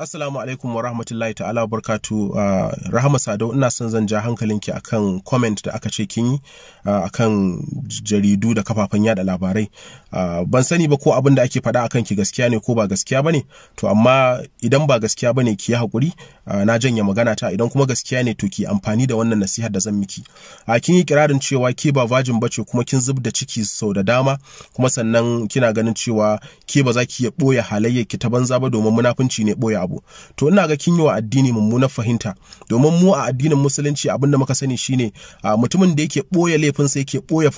Assalamu alaikum wa rahmatullahi ta'ala wa barkatu uh, ah, Rahama Sadau ina son zan ja hankalinki akan comment da aka ce kin yi uh, akan jaridu da kafafen yada labarai. Uh, ban sani ba ko abin da ake faɗa akan ki gaskiya ne ko ba gaskiya bane to amma idan ba gaskiya bane ki yi hakuri uh, na janye magana ta idan kuma gaskiya ne to ki amfani da wannan nasihar da zan miki. Uh, kin yi kirarin cewa ke ba vajin bace kuma kin zub da ciki sau da dama kuma sannan kina ganin cewa ke ba za ki iya ɓoye halayyar ki ta banza ba domin munafunci ne ɓoye abu to ina ga kin yi wa addini mummunar fahimta domin mu a addinin musulunci abin da muka sani shine mutumin da yake boye laifinsa yake boye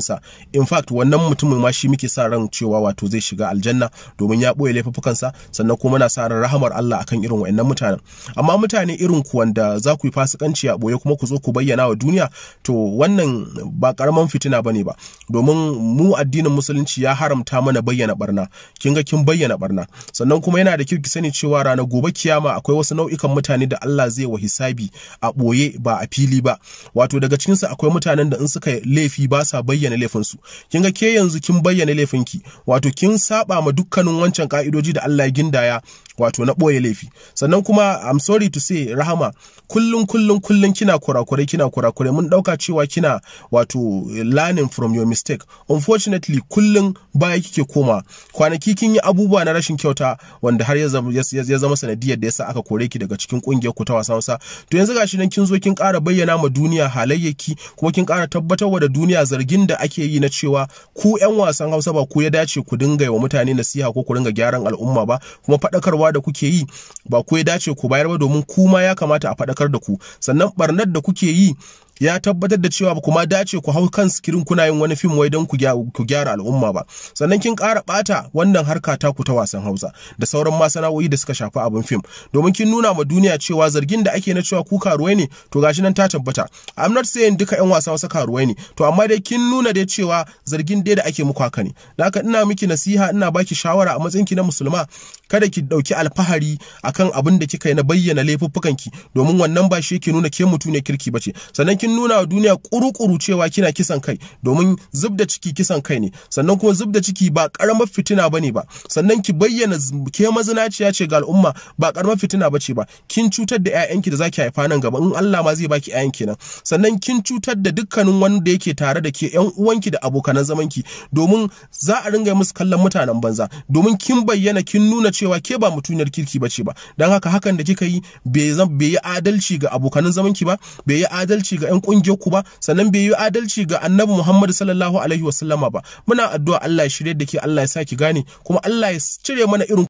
sa in fact wannan mutumin ma shi muke sa ran cewa wato zai shiga aljanna domin ya boye sa sannan kuma na sa ran rahamar Allah akan irin wayannan mutanen amma mutane irin ku wanda za ku yi fasikanci a boye kuma ku zo ku bayyana wa duniya to wannan ba karaman fitina bane ba domin mu addinin musulunci ya haramta mana bayyana barna kin ga kin bayyana barna sannan kuma yana da kyau ki sani cewa ranar gobe kiyama akwai wasu nau'ikan mutane da Allah zai wa hisabi a boye ba a fili ba wato daga cikin cikinsu akwai mutanen da in suka laifi ba sa bayyana laifin su kin ga ke yanzu kin bayyana laifin ki wato kin saba ma dukkanin wancan ka'idoji da Allah ya gindaya wato na boye laifi sannan kuma I'm sorry to say rahama kullun kullun kullun kina kurakurai kina kurakurai mun ɗauka cewa kina wato learning from your mistake unfortunately kullun baya kike koma kwanaki kin yi abubuwa na rashin kyauta wanda har ya ya zama sanadiyar da yasa aka kore ki daga cikin kungiyar ku ta wasan wasa to yanzu gashi nan kin zo kin ƙara bayyana ma duniya halayyaki kuma kin ƙara tabbatar wa da duniya zargin da ake yi na cewa ku ƴan wasan Hausa ba ku ya dace ku dinga yi wa mutane nasiha ko ku dinga gyaran al'umma ba kuma faɗakarwa da kuke yi ba ku ya dace ku bayar ba domin ku ma ya kamata a faɗakar da ku sannan barnar da kuke yi ya tabbatar da cewa ba kuma dace ku hau kan sikirin kuna yin wani fim wai don ku gyara al'umma ba sannan kin ƙara ɓata wannan harka ta ku ta wasan hausa da sauran masana'o'i da suka shafi abin fim domin kin nuna ma duniya cewa zargin da ake na cewa ku karuwai ne to gashi nan ta tabbata i'm not saying duka yan wasa wasa karuwai ne to amma dai kin nuna dai cewa zargin dai da ake muku haka ne haka ina miki nasiha ina baki shawara a matsayin ki na musulma kada ki dauki alfahari akan abin da kika yi na bayyana laifuffukan ki domin wannan ba shi yake nuna ke mutune kirki bace sannan kin kin nuna wa duniya kuru-kuru cewa kina kisan kai domin zub da ciki kisan kai ne sannan kuma zub da ciki ba karamar fitina bane ba sannan ki bayyana ke mazinaciya ce ga al'umma ba karamar fitina bace ba kin cutar da ƴaƴanki da zaki haifa nan gaba in Allah ma zai baki ƴaƴan kenan sannan kin cutar da dukkanin wanda yake tare da ke ƴan uwanki da abokanan zamanki domin za a ringa musu kallon mutanen banza domin kin bayyana kin nuna cewa ke ba mutuniyar kirki bace ba dan haka hakan da kika yi bai yi adalci ga abokanan zamanki ba bai yi adalci ga ɗan ƙungiyar ku ba sannan bai yi adalci ga annabi muhammadu sallallahu alaihi wasallama ba muna addu'a Allah ya shirye da ke Allah ya sa ki gane kuma Allah ya cire mana irin